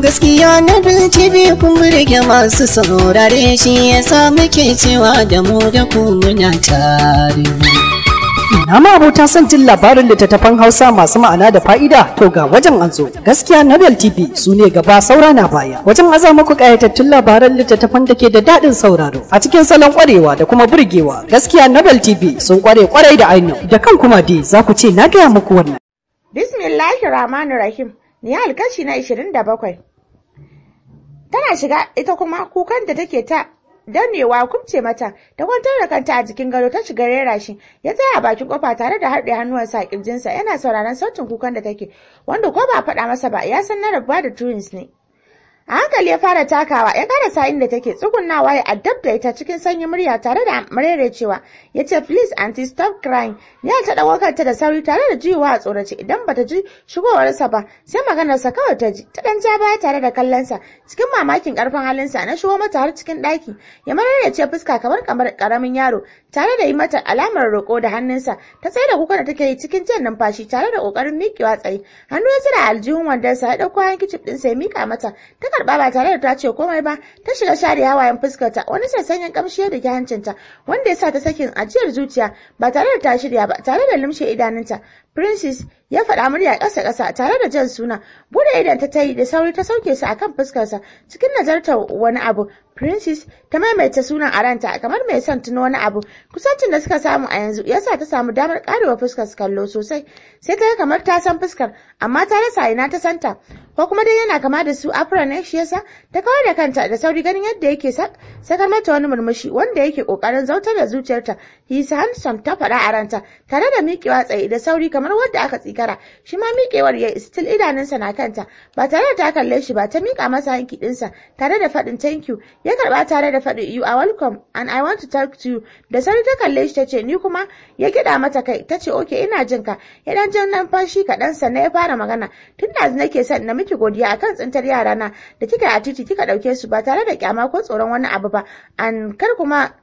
gaskiya na biyu kun burge masu saurare shi sa muke cewa da mu da ku muna tare ma abota son jin labarin littattafan Hausa masu ma'ana da fa'ida to ga wajen an zo. Gaskiya Real TV su ne gaba saura na baya. Wajen aza muku kayatattun labaran littattafan da ke da daɗin sauraro a cikin salon kwarewa da kuma burgewa. Gaskiya Real TV sun kware kwarai da ainihin da kan kuma dai za ku ce na gaya muku wannan. Bismillahirrahmanirrahim. Nihal kashi na bakwai. Tana shiga ita kuma kukan da take ta danewa kumce mata ta kwantar da kanta a jikin gado ta shiga rera shi ya tsaya a bakin kofa tare da harɗe hannuwansa a kirjinsa yana sauraron sautin kukan da take wanda ko ba faɗa masa ba ya san na rabuwa da twins ne. a hankali ya fara takawa ya sa'in da take tsugunnawa ya addabta ita cikin sanyin murya tare da cewa ya ce please anti stop crying ya ta dago kanta da sauri tare da jiwa a tsorace idan bata ji shigowarsa ba sai maganarsa kawai ta ji ta dan ja baya tare da kallonsa cikin mamakin karfin halinsa na shigo mata har cikin daki ya ce fuska kamar kamar karamin yaro tare da yi mata alamar roko da hannunsa ta tsaye da kuka da take yi cikin jan numfashi tare da kokarin mikewa tsaye hannu ya tsira aljihun wandansa ya dauko hankicin ɗinsa ya mika mata ta karba ba tare da ta ce komai ba ta shiga share hawayen fuskarta wani sassanyen kamshi ya rike hancinta wanda ya sa ta sakin ajiyar zuciya ba tare da ta shirya ba tare da lumshe idanunta Princess ya faɗa murya ƙasa-ƙasa tare da jan suna. Bude idan ta tayi da sauri ta sauke su akan fuskarsa cikin nazartar wani abu. Princess ta maimaita sunan a kamar mai son tuno wani abu. Kusancin da suka samu a yanzu yasa ta samu damar ƙarewa fuskar su kallo sosai. Sai ta yi kamar ta san fuskar amma ta rasa ina ta santa. Ko kuma dai yana kama da su Afra ne shi yasa ta kawar da kanta da sauri ganin yadda yake sakar mata wani murmushi wanda yake ƙoƙarin zautar da zuciyarta. Hisa handsome ta faɗa a tare da miƙewa tsaye da sauri kamar kamar wadda aka tsikara shi ma miƙewar ya still idanunsa na kanta ba tare da ta kalle shi ba ta miƙa masa hanki ɗinsa tare da faɗin thank you ya karba tare da faɗin you are welcome and I want to talk to you da sauri ta kalle shi ta ce ni kuma ya kiɗa mata kai ta ce okay ina jin ka ya ɗan jan numfashi kaɗan sannan ya fara magana tun da nake son na miki godiya akan tsintar yarana da kika a titi kika ɗauke su ba tare da kyama ko tsoron wani abu ba an kar kuma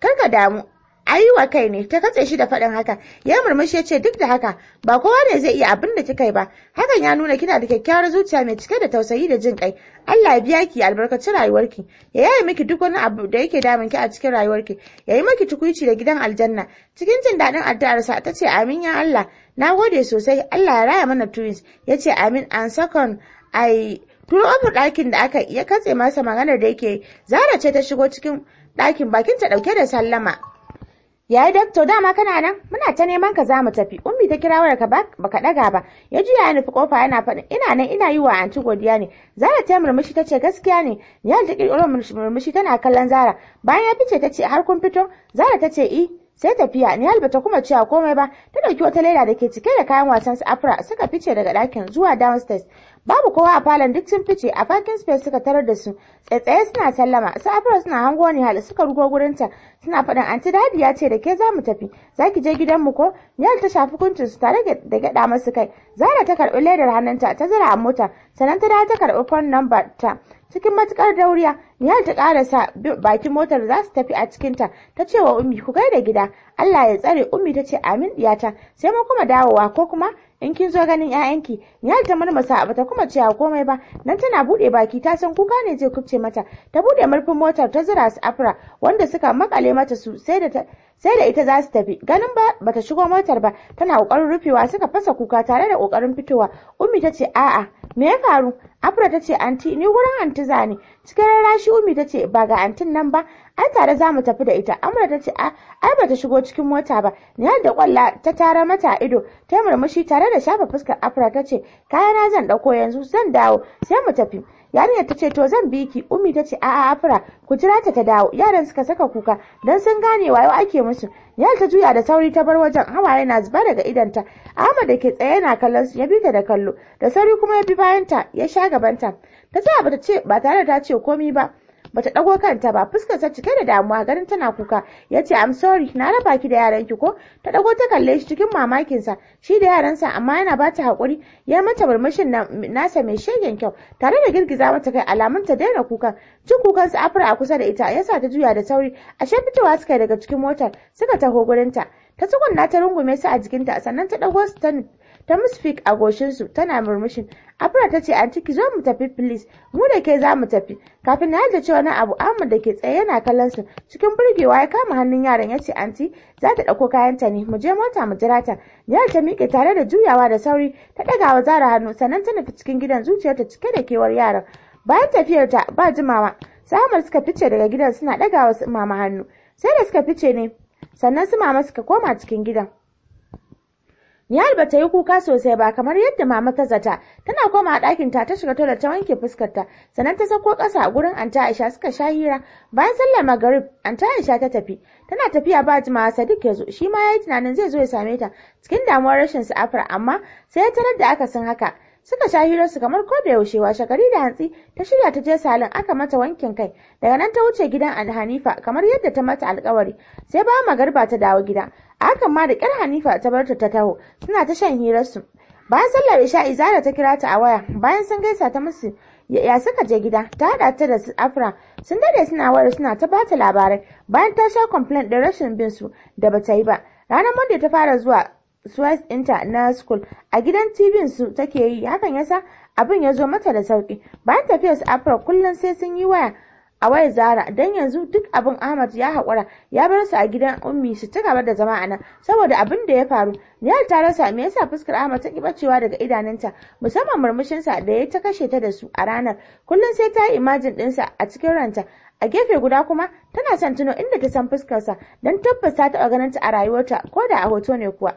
kar ka damu ayi wa kai ne ta katse shi da faɗin haka ya murmushi ya ce duk da haka ba kowa ne zai iya abin da kika yi ba hakan ya nuna kina da kyakkyawar zuciya mai cike da tausayi da jin kai Allah ya biya ki albarkacin rayuwarki ya yi miki duk wani abu da yake damun ki a cikin rayuwarki ya yi miki tukuici da gidan aljanna cikin jin daɗin addu'arsa ta ce amin ya Allah na gode sosai Allah ya raya mana twins ya ce amin and second I turo ofin ɗakin da aka ya katse masa maganar da yake zara ce ta shigo cikin ɗakin bakinta ɗauke da sallama yayi dakto dama kana nan muna ta neman ka za mu tafi ummi ta kira wayar ka baka daga ba ya juya ya nufi kofa yana faɗin ina nan ina yi wa anti godiya ne zara ta murmushi ta ce gaskiya ne ya ta kirkiro murmushi tana kallon zara bayan ya fice tace har kun fito zara tace ce i eh. sai tafiya Nihal bata kuma cewa komai ba ta dauki wata leda da ke cike da kayan wasan su Afra suka fice daga dakin zuwa downstairs babu kowa a falon duk sun fice a parking space suka tarar da su tsaitsaye suna sallama su Afra suna hango Nihal suka rugo ta suna faɗin anti dadi ya ce da ke zamu tafi zaki je gidan mu ko Nihal ta shafi kuncin su tare da gyaɗa masu kai Zara ta karbi ledar hannunta ta zira a mota sannan ta dawo ta karbi phone number ta cikin matukar dauriya Nihal ta karasa bakin motar za su tafi a cikinta ta ce wa Ummi ku gaida gida Allah ya tsare Ummi ta ce amin diyata sai mun kuma dawowa ko kuma in kin zo ganin ƴaƴanki Nihal ta murmusa bata kuma cewa komai ba nan tana bude baki ta san kuka ne zai kubce mata ta bude murfin motar ta zira su afra wanda suka makale mata su sai da sai da ita za su tafi ganin ba bata shigo motar ba tana kokarin rufewa suka fasa kuka tare da kokarin fitowa ummi tace a'a me ya faru afra tace anti ni wurin anti zani cikin shi, umi ta ce ba ga antin nan ba ai tare za mu tafi da ita amara ta ce ai ba ta shigo cikin mota ba niyar da kwalla ta tara mata ido ta yi murmushi tare da shafa fuskar afra ta ce kayana zan dauko yanzu zan dawo sai mu tafi yarinya ta ce to zan bi ki ummi ta ce a'a afra ku jira ta ta dawo yaran suka saka kuka dan sun gane wayo ake musu yar ta juya da sauri ta bar wajen hawaye na zuba daga idanta ahmad da ke tsaye yana kallon su ya bi ta da kallo da sauri kuma ya bi bayanta ya sha gabanta ta sa ba ta ce ba tare da ta ce komi ba bata dago kanta ba fuskar ta cike da damuwa ganin tana kuka yace I'm sorry na raba ki da yaran ki ko ta dago ta kalle shi cikin mamakin sa shi da yaran sa amma yana bata hakuri ya mata murmushin nasa mai shegen kyau tare da girgiza mata kai alamun ta daina kuka. cin kukan su afra a kusa da ita yasa ta juya da sauri ashe fitowa suka daga cikin motar suka taho gurinta ta tsugunna ta rungume su a jikinta sannan ta dago su ta ta musu fik a goshinsu tana murmushin Afra ta ce anti ki zo mu tafi please mu da ke za mu tafi kafin na da cewa na abu ahmad da ke tsaye yana kallon su cikin burgewa ya kama hannun yaran ya ce anti za ta ɗauko kayanta ne mu je mota mu jira ta yar ta miƙe tare da juyawa da sauri ta ɗaga wa zara hannu sannan ta nufi cikin gidan zuciyarta cike da kewar yaran bayan tafiyarta ba jimawa samar suka fice daga gidan suna ɗaga wa mama hannu sai da suka fice ne sannan su mama suka koma cikin gidan Nihal ba ta yi kuka sosai ba kamar yadda mama ta zata. Tana koma a ɗakin ta ta shiga tola ta wanke fuskar ta. Sannan ta sako ƙasa a gurin Anta Aisha suka sha hira. Bayan sallar Maghrib, Anta Aisha ta tafi. Tana tafiya ba jimawa Sadiq ya zo. Shi ma ya yi tunanin zai zo ya same ta cikin damuwar rashin sa'afar amma sai ya tarar da aka san haka. suka sha hirarsu kamar ko da yaushe washe da hantsi ta shirya ta je salon aka mata wankin kai daga nan ta wuce gidan Hanifa kamar yadda ta mata alkawari sai ba magarba ta dawo gida a hakan ma da kyar Hanifa ta bar ta taho suna ta shan hirarsu bayan sallar isha izara ta kira ta a waya bayan sun gaisa ta musu ya suka je gida ta hada ta da afra sun dade suna wayar suna ta bata labarai bayan ta sha complaint da rashin bin su da bata yi ba ranar monday ta fara zuwa Swiss International na school a gidan TV su take yi hakan yasa abin ya zo mata da sauki bayan tafiya su afra kullun sai sun yi waya a waya zara dan yanzu duk abin ahmad ya haƙura ya bar su a gidan ummi su ta gaba da zama a nan saboda abin da ya faru niyar ta rasa me yasa fuskar ahmad ta bacewa daga idanunta musamman murmushin sa da ya ta kashe ta da su a ranar kullum sai ta yi imajin ɗinsa a cikin ranta a gefe guda kuma tana son tuno inda ta san fuskarsa don tabbas ta taɓa ganin ta a rayuwarta ko da a hoto ne kuwa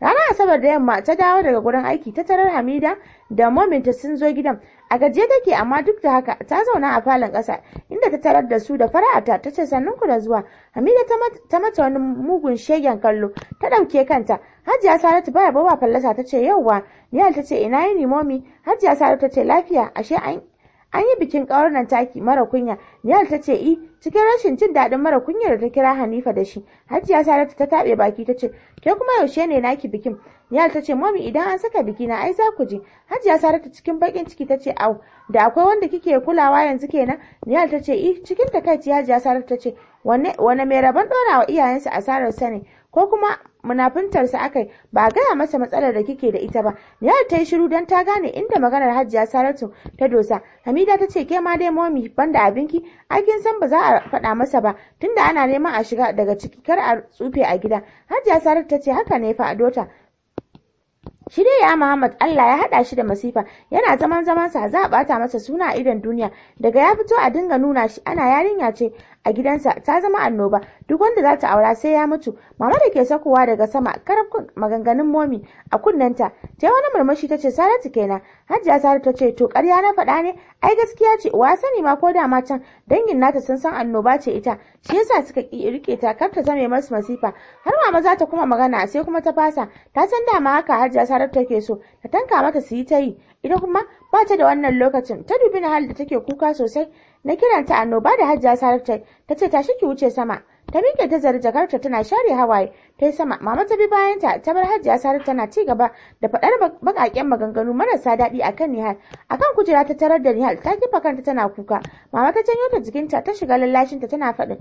ranar asabar da yamma ta dawo daga gurin aiki ta tarar hamida da mominta sun zo gidan a gajiye take amma duk da haka ta zauna a falon ƙasa inda ta tarar da su da fara'ata ta ce ku da zuwa hamida ta mata wani mugun shegen kallo ta ɗauke kanta hajiya saratu baya bawa fallasa ta ce yauwa niyal ta ce ina yini momi hajiya saratu ta ce lafiya ashe an an yi bikin nan taki mara kunya niyal ta ce i eh, cikin rashin jin daɗin mara kunya da ta kira hanifa da shi hajiya saratu ta taɓe baki ta ce ke kuma yaushe ne naki bikin niyal ta ce mami idan an saka biki na ai za ku je hajiya saratu cikin bakin ciki ta ce au da akwai wanda kike kulawa yanzu kenan niyal ta ce i eh, cikin takaici hajiya saratu ta ce wane mai rabon ɗora wa iyayensa asarar sa ne ko kuma munafuntarsa akai ba a gaya masa matsalar da kike da ita ba ya ta yi shiru don ta gane inda maganar Hajiya Saratu ta dosa Hamida ta ce ke ma dai momi banda abinki akin san ba za a faɗa masa ba tunda ana neman a shiga daga ciki kar a tsufe a gida Hajiya Saratu ta ce haka ne fa dota shi dai ya Muhammad Allah ya hada shi da masifa yana zaman zaman sa za a bata masa suna a idon duniya daga ya fito a dinga nuna shi ana yarinya ce a gidansa ta zama annoba duk wanda za ta aura sai ya mutu mama da ke sakowa daga sama karfin maganganun momi a kunnen ta yi wani murmushi ta ce saratu kenan hajiya saratu ta ce to karya na faɗa ne ai gaskiya ce wa sani ma ko da ma can dangin nata sun san annoba ce ita shi yasa suka ki rike ta kar ta zame masu masifa har mama za ta kuma magana sai kuma ta fasa ta san dama haka hajiya saratu ke so ta tanka mata su yi ta yi ita kuma ba ta da wannan lokacin ta dubi na hal da take kuka sosai na kiranta annoba da Hajiya Saratu ta ce ta ki wuce sama ta miƙe ta zari jakarta tana share hawaye ta yi sama mama ta bi bayanta ta bar hajiya sarar tana ci gaba da faɗar baƙaƙen maganganu marasa daɗi akan nihal akan kujera ta tarar da nihal ta kifa kanta tana kuka mama ta janyo ta jikinta ta shiga lallashinta tana faɗin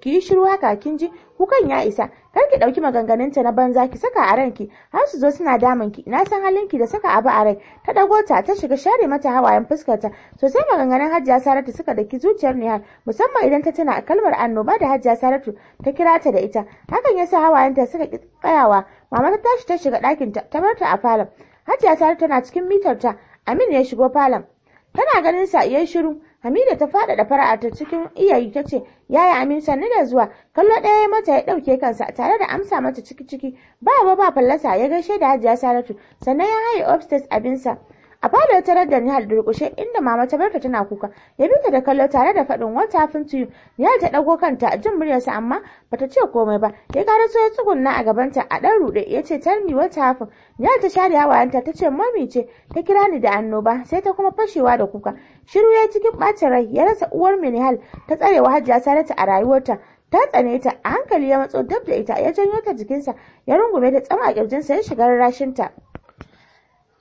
ki yi shiru haka kin ji kukan ya isa kar ki ɗauki maganganunta na banza ki saka a ranki har su zo suna damun ki na san halinki da saka abu a rai ta ɗago ta ta shiga share mata hawayen fuskarta sosai maganganun hajiya saratu suka daki zuciyar nihal musamman idan ta tana kalmar annoba da hajiya saratu ta kira ta da ita hakan ya sa hawa ƙawayenta suka ƙi tsayawa mama ta tashi ta shiga ɗakin ta bar ta a falon hajiya sare tana cikin mitar ta amin ya shigo falon tana ganin sa yayi shiru hamida ta faɗaɗa fara'a ta cikin iyayi ta ce yaya amin sannu da zuwa kallo ɗaya mata ya ɗauke kansa tare da amsa mata ciki ciki ba ba ba fallasa ya gaishe da hajiya saratu sannan ya haye upstairs abinsa a fadar tarar da Nihal durƙushe inda mama ta barta tana kuka ya bita da kallo tare da faɗin wata happened to you Nihal ta ɗago kanta a jin muryarsa amma bata ce komai ba ya ƙara so ya tsugunna a gabanta a ɗan ruɗe ya ce tell me what happened Nihal ta share hawayenta ta ce mami ce ta kira ni da annoba sai ta kuma fashewa da kuka shiru ya cikin ɓacin rai ya rasa uwar Minihal ta tsarewa Hajiya Saratu a rayuwarta ta tsane ta a hankali ya matso dab da ita ya janyo ta jikinsa ya rungume ta tsama a kirjinsa ya shiga rashinta.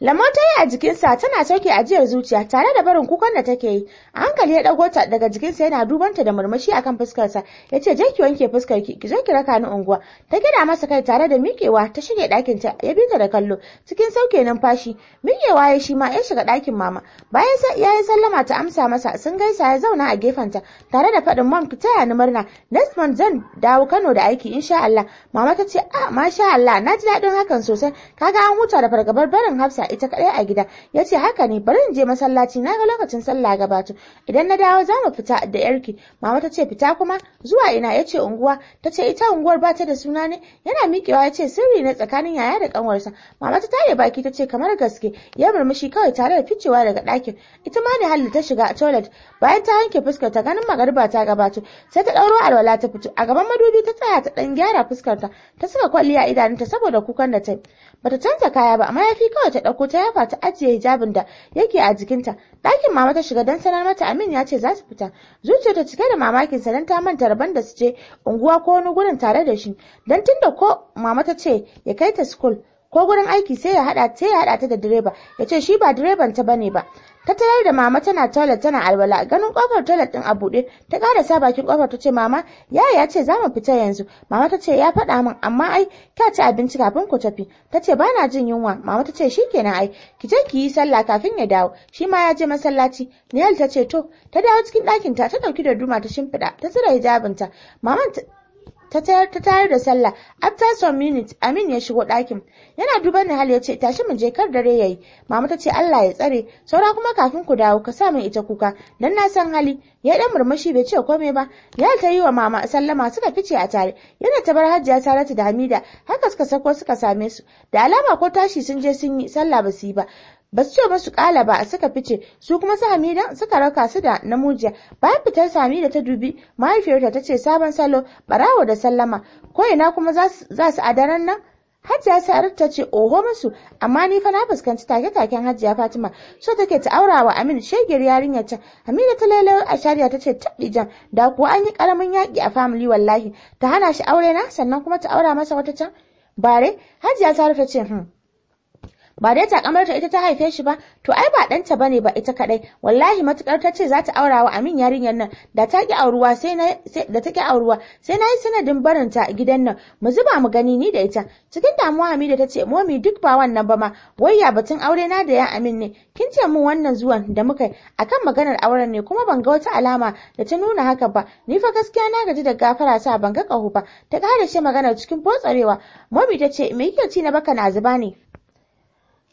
Lamo ta yi a jikinsa tana sauke ajiyar zuciya tare da barin kukan da take yi. A hankali ya ɗago ta daga jikinsa yana duban ta da murmushi akan fuskarsa. Ya ce, "Je ki wanke fuskar ki, ki zo ki raka ni unguwa." Ta gina masa kai tare da miƙewa ta shige ɗakin ta, ya bita da kallo. Cikin sauke numfashi, miƙewa ya shi ma ya shiga ɗakin mama. Bayan sa ya yi sallama ta amsa masa, sun gaisa ya zauna a gefenta tare da faɗin mom ki taya ni murna. Next month zan dawo Kano da aiki insha Allah. Mama ta ce, "A ah, masha Allah, na ji daɗin hakan sosai. Kaga an huta da fargabar barin Hafsa ita kaɗai a gida ya ce haka ne bari in je masallaci na ga lokacin sallah gabato idan na dawo za mu fita da yarki mama ta ce fita kuma zuwa ina ya ce unguwa ta ce ita unguwar ba ta da suna ne yana miƙewa ya ce sirri ne tsakanin yaya da ƙanwarsa mama ta tare baki ta ce kamar gaske ya murmushi kawai tare da ficewa daga ɗakin ita ma ne halli ta shiga toilet bayan ta wanke fuskar ta ganin magarba ta gabato sai ta ɗauro alwala ta fito a gaban madubi ta tsaya ta ɗan gyara fuskarta. ta ta saka kwalliya idanunta saboda kukan da ta yi bata canza kaya ba amma ya kawai ta farko ta yaba ta ajiye hijabin da yake a jikinta ɗakin mama ta shiga don sanar mata amin ya ce za su fita Zuciya ta cike da mamakin sa don ta manta rabon da su je unguwa ko wani gurin tare da shi don tunda ko mama ta ce ya kai ta school ko gurin aiki sai ya hada sai ya hada ta da direba ya ce shi ba direban ta bane ba ta tarar da mama tana toilet tana alwala ganin kofar toilet din a buɗe ta sa bakin kofar tace mama yaya ya ce za fita yanzu mama tace ya faɗa min amma ai ka ci abinci kafin ku tafi tace ce bana jin yunwa mama tace ce shikenan ai ki je ki yi sallah kafin ya dawo shi ma ya je masallaci Niyal ta ce to ta dawo cikin ɗakinta ta ta ɗauki da duma ta shimfiɗa ta tsira hijabinta mama ta tayar da sallah after some minutes Amin ya shigo ɗakin yana duban hali ya ce tashi mu je kar dare yayi mama ta ce Allah ya tsare saura kuma kafin ku dawo ka sa min ita kuka dan na san hali ya dan murmushi bai ce komai ba ya ta yi wa mama sallama suka fice a tare yana ta bar Hajiya Saratu da Hamida haka suka sako suka same su da alama ko tashi sun je sun yi sallah ba su yi ba ba su ce ba su kala ba suka fice su kuma su hamida suka raka su da namujiya bayan fitar sami da ta dubi mahaifiyarta ta ce sabon salo barawo da sallama ko ina kuma za su a daren nan Hajiya Sa'ar ta ce oho musu amma ni fa na fuskanci take-taken Hajiya Fatima so take ta aura wa Aminu shegiyar yarinyar can amina ta lailayo a shari'a ta ce jan da kuwa an yi karamin yaki a family wallahi ta hana shi aure na sannan kuma ta aura masa wata can bare Hajiya Sa'ar ta ce hmm ba dai kamar ta ita ta haife shi ba to ai ba ɗanta bane ba ita kadai wallahi matukar ta ce za ta aura wa Amin yarinyar nan da ta ki auruwa sai na da ta auruwa sai na yi sanadin barinta ta gidan nan mu zuba mu gani ni da ita cikin damuwa Hamida ta ce momi duk ba wannan ba ma wayya batun aure na da ya Amin ne kin ce mun wannan zuwan da muka yi akan maganar auren ne kuma ban ga wata alama da ta nuna haka ba ni fa gaskiya na gaji da gafara ta ban ga kahu ba ta kare shi maganar cikin botsarewa momi ta ce me yake ci na baka na zuba ne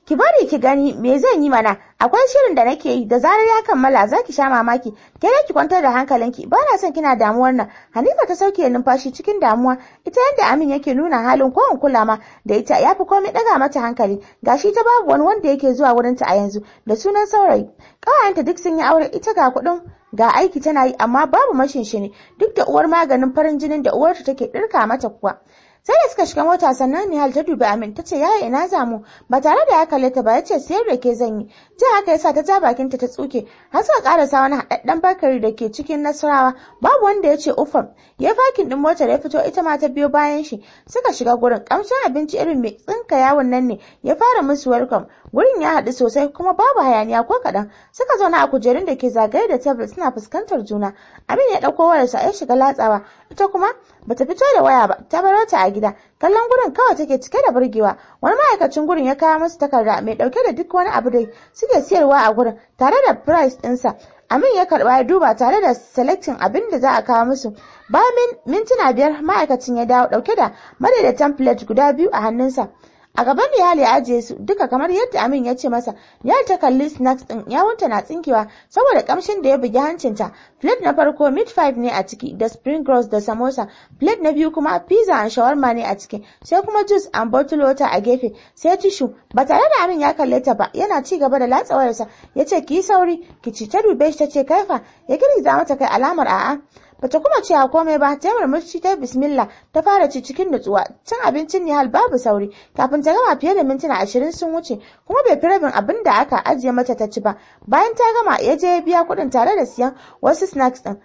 ki bari ki gani me zan yi mana akwai shirin da nake yi da zarar ya kammala za ki sha mamaki ke ki kwantar da hankalinki ba na son kina damuwar nan hanifa ta sauke numfashi cikin damuwa ita yadda amin yake nuna halin ko kula ma da ita ya fi komai daga mata hankali gashi ta babu wani wanda yake zuwa wurinta a yanzu da sunan saurayi ƙawayenta duk sun yi aure ita ga kuɗin ga aiki tana yi amma babu ne. duk da uwar maganin farin jinin da uwarta take ɗirka mata kuwa sai da suka shiga mota sannan Nihal ta dubi Amin ta ce yaya ina zamu ba tare da ya kalle ta ba ya ce sayar da ke zan yi ta haka sa ta ja bakinta ta tsuke har suka karasa wani haɗaɗɗen bakari da ke cikin Nasarawa babu wanda ya ce ufam ya fakin din motar ya fito ita ma ta biyo bayan shi suka shiga gurin kamshin abinci irin mai tsinka yawon nan ne ya fara musu welcome gurin ya haɗu sosai kuma babu hayaniya ko kaɗan suka zauna a kujerun da ke zagaye da tebur suna fuskantar juna Amin ya ɗauko wayarsa ya shiga latsawa ita kuma bata fito da waya ba ta baro ta a gida kallon gurin kawai take cike da burgewa wani ma'aikacin gurin ya kawo musu takarda mai dauke da duk wani abu da suke siyarwa a gurin tare da price dinsa Amin ya karba ya duba tare da selecting abin da za a kawo musu. Bayan mintuna biyar ma'aikacin ya dawo dauke da madaidaitan plate guda biyu a hannunsa. a gaban Niyal ya ajiye su duka kamar yadda Amin ya ce masa Niyal ta kalli snacks din yawunta na tsinkewa saboda ƙamshin da ya bugi hancinta plate na farko meat five ne a ciki da spring rolls da samosa plate na biyu kuma pizza and shawarma ne a ciki sai kuma juice and bottle water a gefe sai tishu ba tare da Amin ya kalle ta ba yana ci gaba da latsa wayarsa ya ce ki sauri ki ci ta dube shi ta ce kaifa ya girgiza mata kai alamar a'a bata kuma ce a komai ba ta yawar murci ta bismillah ta fara ci cikin nutsuwa cin abincin hal babu sauri kafin ta gama fiye da mintuna ashirin sun wuce kuma bai fi rabin abin da aka ajiye mata ta ci ba bayan ta gama ya je ya biya kuɗin tare da siyan wasu snacks ɗin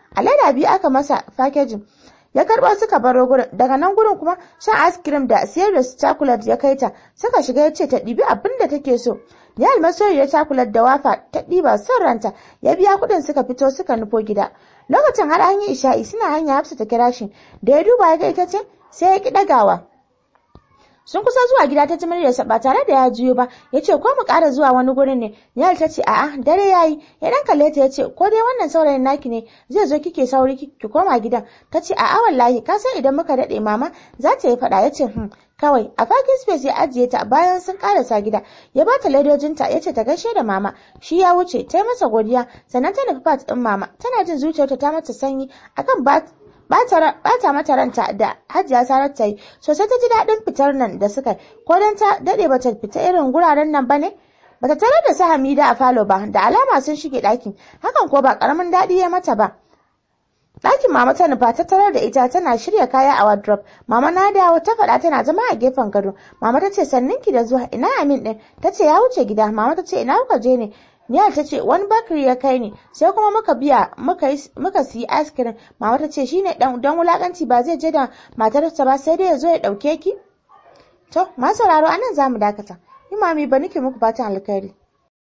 a biyu aka masa fakejin ya karɓa suka baro gurin daga nan gurin kuma shan ice cream da siyar da chocolate ya kai ta suka shiga ya ce ta ɗibi abin da take so ya almasoyi ya chocolate da wafa ta ɗiba son ranta ya biya kuɗin suka fito suka nufo gida lokacin har an yi isha'i suna hanya hafsa ta kira shi da ya duba ya ga ita ce sai ya ki ɗagawa sun kusa zuwa gida ta ji muryarsa ba tare da ya juyo ba ya ce ko mu ƙara zuwa wani gurin ne yal ta ce a'a dare yayi ya dan kalle ta ya ce ko dai wannan saurayin naki ne zai zo kike sauri ki koma gidan ta ce a'a wallahi ka san idan muka daɗe mama za ta yi faɗa ya ce hmm kawai a parking space ya ajiye ta bayan sun karasa gida ya ba ta ledojinta ya ce ta gaishe da mama shi ya wuce ta yi masa godiya sannan ta nufi fat ɗin mama tana jin zuciyarta ta mata sanyi akan bata mata ranta da hajiya sarar ta yi sosai ta ji daɗin fitar nan da suka ko dan ta daɗe ta fita irin guraren nan ba ne bata tarar da su hamida a falo ba da alama sun shige ɗakin hakan ko ba ƙaramin daɗi ya mata ba ɗakin mama ta nufa ta tarar da ita tana shirya kaya a wardrobe mama na dawo ta faɗa tana zama a gefen gado mama ta ce sannin da zuwa ina amin ɗin ta ce ya wuce gida mama ta ce ina kuka je ne Niyar ta ce wani bakiri ya kai ni sai kuma muka biya muka siyi ice cream mama ta ce shine dan don wulakanci ba zai je da matarsa ba sai dai ya zo ya dauke ki. To masu sauraro anan zamu dakata. Ni mami ba nake muku fatan alkhairi.